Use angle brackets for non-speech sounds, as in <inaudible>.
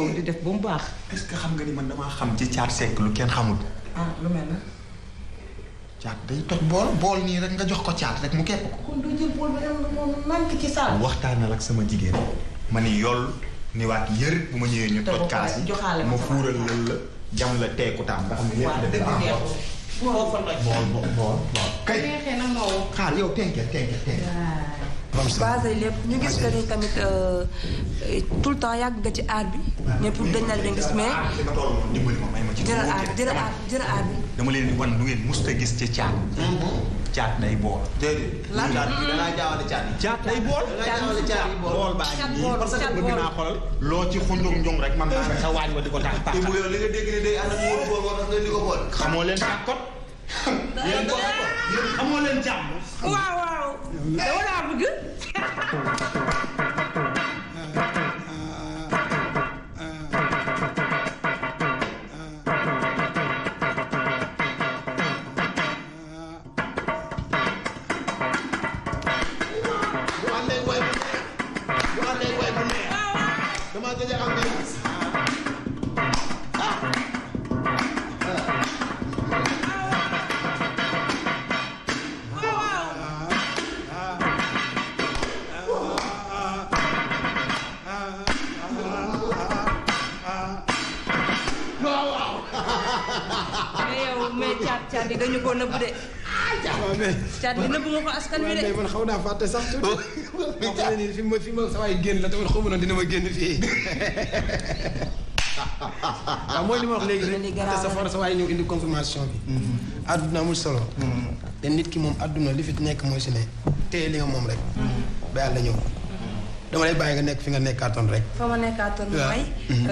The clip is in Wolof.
coow def ba mu baax. est-ce que xam nga ni man damaa xam ci caat sekk lu kenn xamul. ah lu mel na. caat day toj bool bool nii rek nga jox ko caat rek mu képp ko. kon doo jël bool bi moom ci saal. waxtaanal ak sama jigéen ma ni yool ni waat yër bu ma ñëwee ñu toj kaas yi ma fuural lël la jam la teeku taam nga xam ne lépp xaal yow tenke tenke tenke basé lépp ñu gis que ni tamit euh, euh, tout le temps yàgg nga ci aar bi ah, pour de la leen gis mais jëral aar jëral aar bi dama leen di wan lu ngeen musta gis ci caat caat nay bool lan danaa jaawale caat yi caat nay bool bool baa ngi nii parce que bëgg naa loo ci xunjung njung rek man naa sa waañ wa di ko tax paax li nga dégg ni day ànd di ko bool xamoo leen caat kot <laughs> waaw dama laa bëgg. bu àndee way bu neex bu àndee way bu neex dama gëj a am mais caat caat bi dañu ko nëbb de. caat bi nëbb nga ko askan wi de. man xaw naa fàtte sax tuuti. Oh. <laughs> fi ma fi ma sa waay génn la tamit xaw ma noonu dina ma génn fii. <laughs> waaw mooy li ma wax léegi rek te sa for sa waaye ñëw indi confirmation bi. àdduna mm-hmm. amul solo. Mm-hmm. te nit ki moom àdduna li fi nekk mooy si ne téye li nga moom rek. Mm-hmm. ba yàlla ñëw. dama lay bàyyi nga nekk fi nga nekkaatoon rek. fa ma nekkaatoon mooy.